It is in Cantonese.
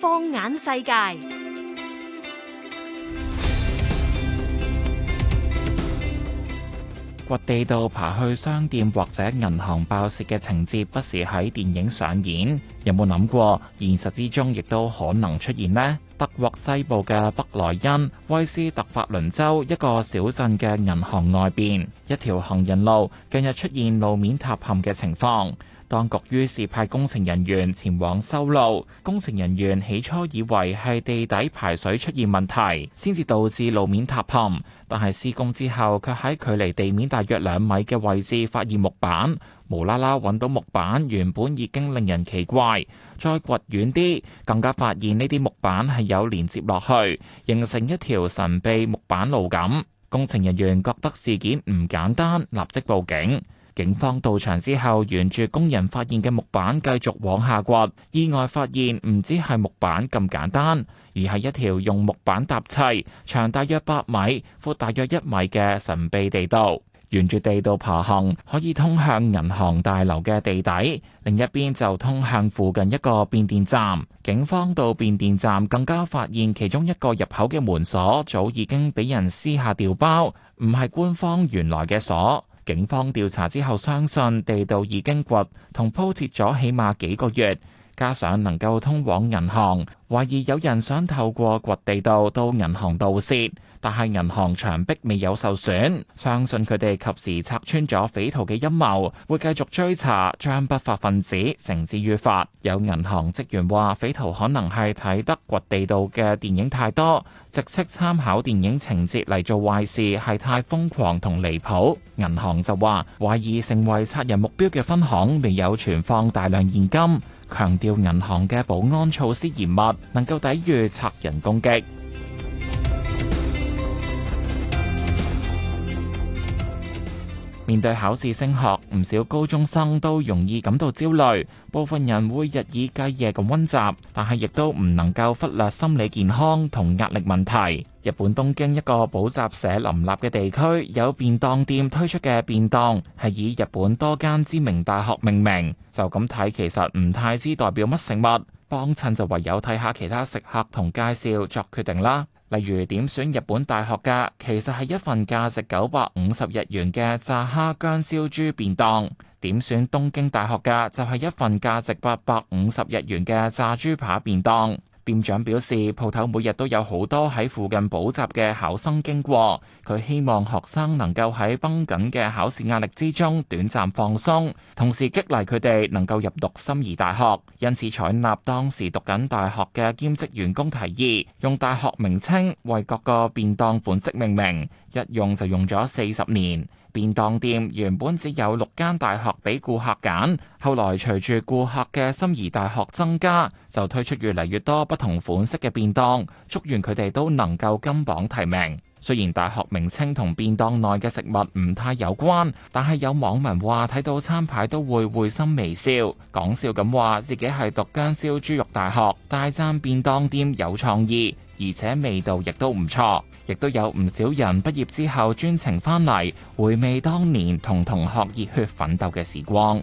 放眼世界，掘地道爬去商店或者銀行爆竊嘅情節，不時喺電影上演。有冇諗過，現實之中亦都可能出現呢？德國西部嘅北萊茵威斯特法倫州一個小鎮嘅銀行外邊一條行人路，近日出現路面塌陷嘅情況。當局於是派工程人員前往修路。工程人員起初以為係地底排水出現問題，先至導致路面塌陷，但係施工之後却喺距離地面大約兩米嘅位置發現木板。無啦啦揾到木板，原本已經令人奇怪，再掘遠啲，更加發現呢啲木板係有連接落去，形成一條神秘木板路咁。工程人員覺得事件唔簡單，立即報警。警方到場之後，沿住工人發現嘅木板繼續往下掘，意外發現唔止係木板咁簡單，而係一條用木板搭砌、長大約百米、闊大約一米嘅神秘地道。沿住地道爬行，可以通向銀行大樓嘅地底，另一邊就通向附近一個變電站。警方到變電站，更加發現其中一個入口嘅門鎖早已經俾人私下調包，唔係官方原來嘅鎖。警方調查之後，相信地道已經掘同鋪設咗起碼幾個月，加上能夠通往銀行。懷疑有人想透過掘地道到銀行盜竊，但係銀行牆壁未有受損，相信佢哋及時拆穿咗匪徒嘅陰謀，會繼續追查，將不法分子繩之於法。有銀行職員話，匪徒可能係睇得掘地道嘅電影太多，直係參考電影情節嚟做壞事瘋，係太瘋狂同離譜。銀行就話懷疑成為賊人目標嘅分行未有存放大量現金，強調銀行嘅保安措施嚴密。能夠抵禦賊人攻擊。面對考試升學，唔少高中生都容易感到焦慮，部分人會日以繼夜咁溫習，但係亦都唔能夠忽略心理健康同壓力問題。日本東京一個補習社林立嘅地區，有便當店推出嘅便當係以日本多間知名大學命名，就咁睇，其實唔太知代表乜食物。幫襯就唯有睇下其他食客同介紹作決定啦。例如點選日本大學嘅，其實係一份價值九百五十日元嘅炸蝦薑燒豬便當；點選東京大學嘅，就係一份價值八百五十日元嘅炸豬扒便當。店長表示，鋪頭每日都有好多喺附近補習嘅考生經過，佢希望學生能夠喺繃緊嘅考試壓力之中短暫放鬆，同時激勵佢哋能夠入讀心儀大學。因此，採納當時讀緊大學嘅兼職員工提議，用大學名稱為各個便當款式命名，一用就用咗四十年。便當店原本只有六間大學俾顧客揀，後來隨住顧客嘅心儀大學增加，就推出越嚟越多不同款式嘅便當，祝願佢哋都能夠金榜題名。雖然大學名稱同便當內嘅食物唔太有關，但係有網民話睇到餐牌都會會心微笑，講笑咁話自己係讀薑燒豬肉大學，大讚便當店有創意，而且味道亦都唔錯。亦都有唔少人畢業之後專程翻嚟回味當年同同學熱血奮鬥嘅時光。